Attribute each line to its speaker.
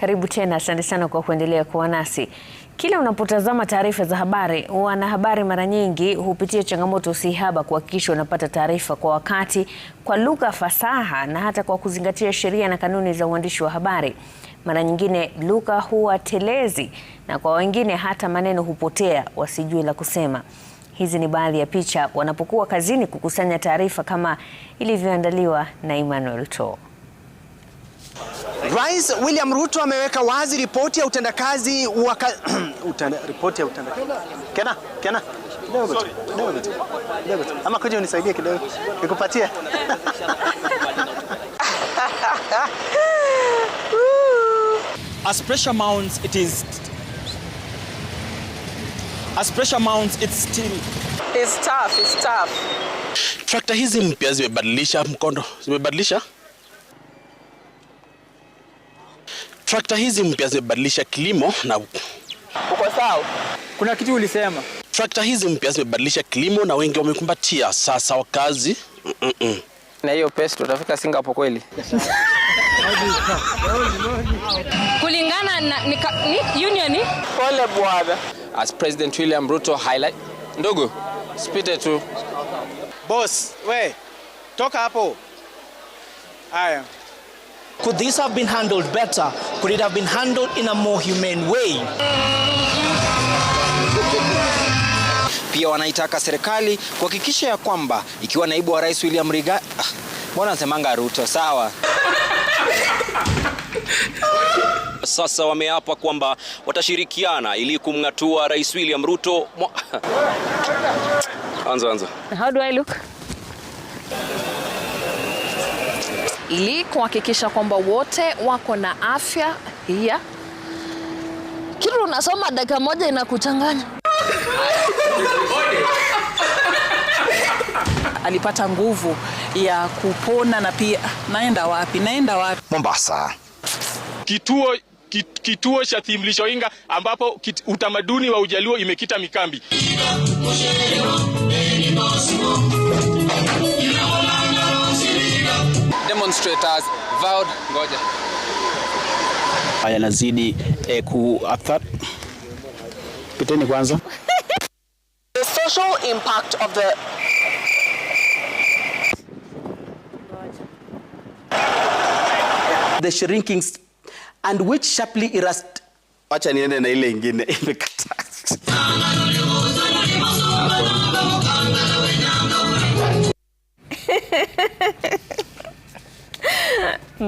Speaker 1: Karibu tena, asante sana kwa kuendelea kuwa nasi. Kila unapotazama taarifa za habari, wanahabari mara nyingi hupitia changamoto si haba kuhakikisha unapata taarifa kwa wakati, kwa lugha fasaha, na hata kwa kuzingatia sheria na kanuni za uandishi wa habari. Mara nyingine lugha huwa telezi, na kwa wengine hata maneno hupotea, wasijui la kusema. Hizi ni baadhi ya picha wanapokuwa kazini kukusanya taarifa kama ilivyoandaliwa na Emmanuel To.
Speaker 2: Rais William Ruto ameweka wazi ripoti ya utendakazi wa utenda, ripoti ya utendakazi. Kena, kena. Kidogo. Kidogo. Kidogo. Ama kuja unisaidie kidogo. Nikupatie.
Speaker 3: As pressure mounts, it is As pressure mounts, it's still
Speaker 4: It's tough, it's tough.
Speaker 5: Trakta hizi mpya zimebadilisha mkondo, zimebadilisha Trakta hizi mpya zimebadilisha kilimo na...
Speaker 6: Uko sawa? Kuna kitu ulisema.
Speaker 5: Trakta hizi mpya zimebadilisha kilimo na wengi wamekumbatia sasa wakazi. Mm -mm.
Speaker 7: mm. Na hiyo pesa tutafika Singapore kweli?
Speaker 8: Kulingana na ni, ni, union ni?
Speaker 9: Pole bwana.
Speaker 10: As President William Ruto highlight. Ndugu, spite tu.
Speaker 11: Boss, we, toka hapo.
Speaker 12: Aya. Could this have been handled better? Could it have been handled in a more humane way?
Speaker 2: Pia wanaitaka serikali kuhakikisha ya kwamba ikiwa naibu wa rais William Riga ah, mbona nasemanga Ruto sawa Sasa wameapa kwamba watashirikiana ili kumng'atua Rais William Ruto. Anza anza.
Speaker 13: How do I look? ili kuhakikisha kwamba wote wako na afya hiya. Kitu unasoma dakika moja inakuchanganya.
Speaker 14: Alipata nguvu ya kupona na pia naenda wapi, naenda wapi?
Speaker 2: Mombasa, kituo kituo cha Team Inga ambapo kit, utamaduni wa Ujaluo imekita mikambi
Speaker 10: demonstrators vowed ngoja
Speaker 2: yanazidi eh, ku athar Piteni kwanza.
Speaker 15: The social impact of the the shrinking and which sharply erast
Speaker 2: Acha niende na ile ingine imekata